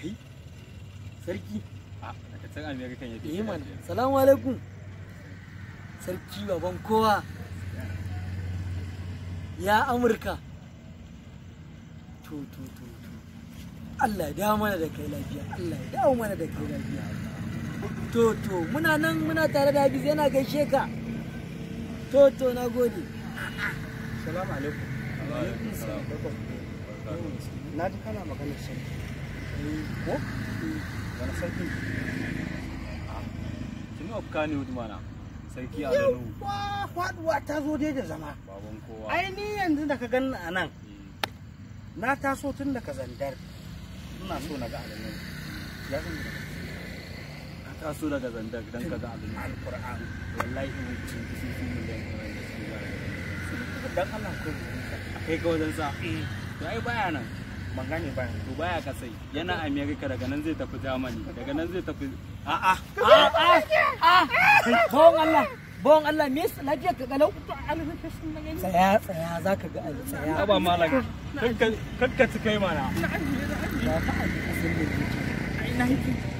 kai sarki eh, salamu alaikum sarki baban kowa ya amurka to to Allah ya dawo mana da kai lafiya Allah ya dawo mana da kai lafiya to to muna nan muna tare da Hafiz yana gaishe ka to to na gode salamu alaikum na ji kana magana sarki ko wani a ta zo dai da zama baban ai ni yanzu da ka ganni a nan eh. na taso tun daga zandar ina so na ga abin ya na taso daga zandar don ka ga alamin alqur'an wallahi in cin kisi miliyan dan Allah ko kai ka wajen sa eh. to ai baya nan ban ba to baya ka sai yana america daga nan zai tafi germany daga nan zai tafi a a a a bon allah bon allah me lafiya ka galau tsaya tsaya zaka ga ali tsaya ba malam kakka mana a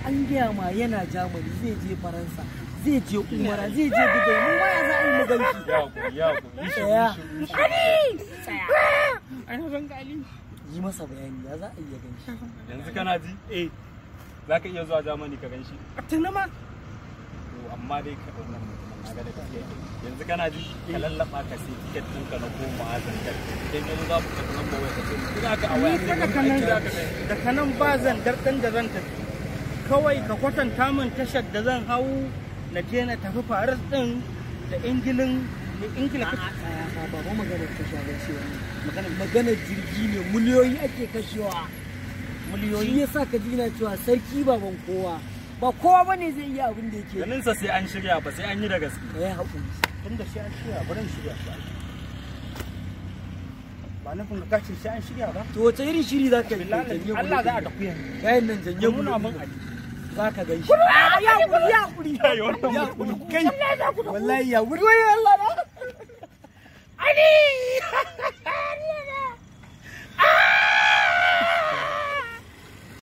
an gaya ma yana germany zai je faransa zai je umara zai je dubai mu ma za a yi ya ku ya ku yi masa bayani ya za a iya gan shi yanzu kana ji eh za ka iya zuwa jamani ka gan shi tuna ma amma dai ka wannan mutumin ga da kake yanzu kana ji ka eh. lallaba ka sai tiket din ka na koma a zangar idan yanzu za ku ka nan ba wai ka ce za ka a waya ni ka nan da kanan ba zan dan da zan tafi kawai ka kwatanta min tashar da zan hau na je na tafi faris din da ingilin in ba ba magana shi magana jirgi ne miliyoyi ake kashewa miliyoyi ka cewa sarki baban kowa ba kowa bane zai iya abin da yake ganin sa sai an shirya ba sai an yi da gaske kai hakuri tunda an shirya ba ran shirya ba nufin ka kace an shirya ba to wace irin shiri za ka yi Allah za a tafi yanzu yayin nan janye mu na mun aji za ka ya kuri ya kuri ya kuri kai wallahi ya kuri wallahi Ali!